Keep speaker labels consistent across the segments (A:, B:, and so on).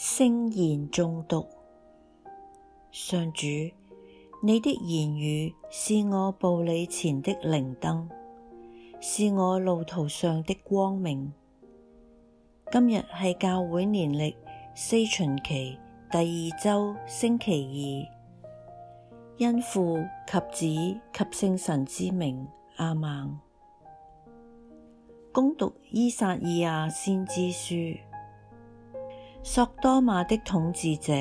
A: 聖言誦讀。上主，你的言語是我步你前的靈燈，是我路途上的光明。今日係教會年曆四旬期第二周星期二，因父及子及聖神之名，阿孟。恭讀《依撒意亞先知書》。索多瑪的統治者，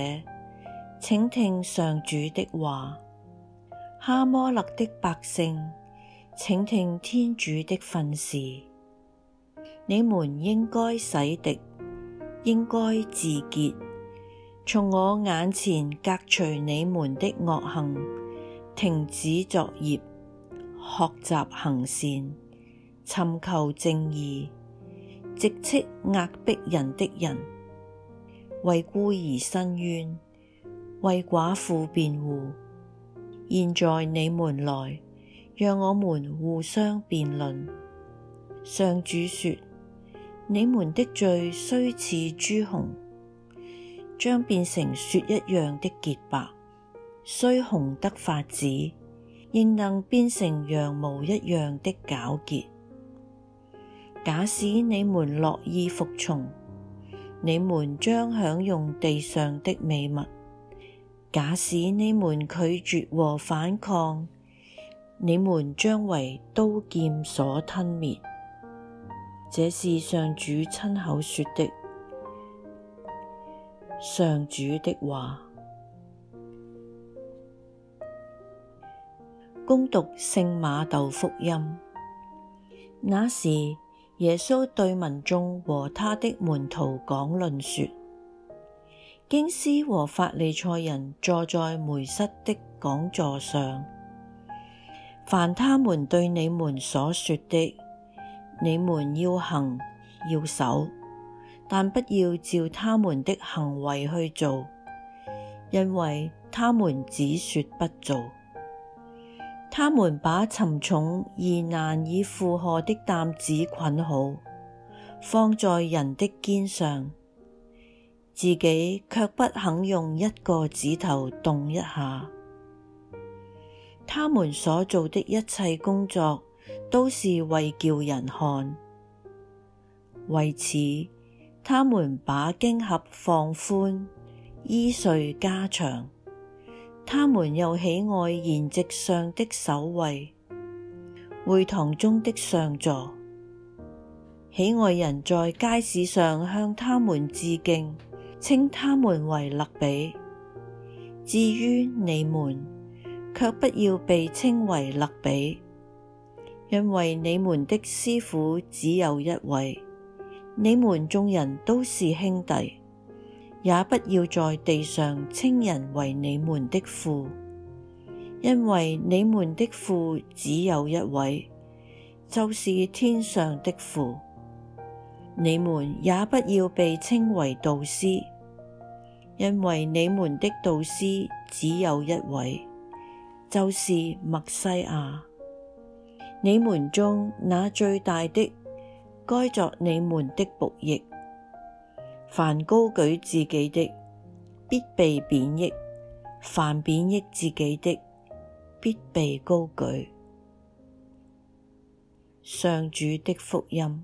A: 請聽上主的話；哈摩辣的百姓，請聽天主的訓示。你們應該洗滌，應該自潔，從我眼前革除你們的惡行，停止作孽，學習行善，尋求正義，直斥壓迫人的人。為孤兒伸冤，為寡婦辯護。現在你們來，讓我們互相辯論。上主說：你們的罪雖似朱紅，將變成雪一樣的潔白；雖紅得發紫，仍能變成羊毛一樣的皎潔。假使你們樂意服從。你們將享用地上的美物。假使你們拒絕和反抗，你們將為刀劍所吞滅。這是上主親口說的。上主的話。恭讀聖瑪竇福音。那時，耶穌對民眾和他的門徒講論說：經師和法利塞人坐在梅瑟的講座上，凡他們對你們所說的，你們要行要守，但不要照他們的行為去做，因為他們只說不做。他們把沉重而難以負荷的擔子捆好，放在人的肩上，自己却不肯用一個指頭動一下。他們所做的一切工作，都是為叫人看。為此，他們把經匣放寬，衣繸加長。他們又喜愛筵席上的首位，會堂中的上座，喜愛人在街市上向他們致敬，稱他們為辣彼。至於你們，却不要被稱為辣彼，因為你們的師傅只有一位，你們眾人都是兄弟。也不要在地上稱人為你們的父，因為你們的父只有一位，就是天上的父。你們也不要被稱為導師，因為你們的導師只有一位，就是默西亞。你們中那最大的，該作你們的僕役。凡高舉自己的，必被貶抑；凡貶抑自己的，必被高舉。上主的福音。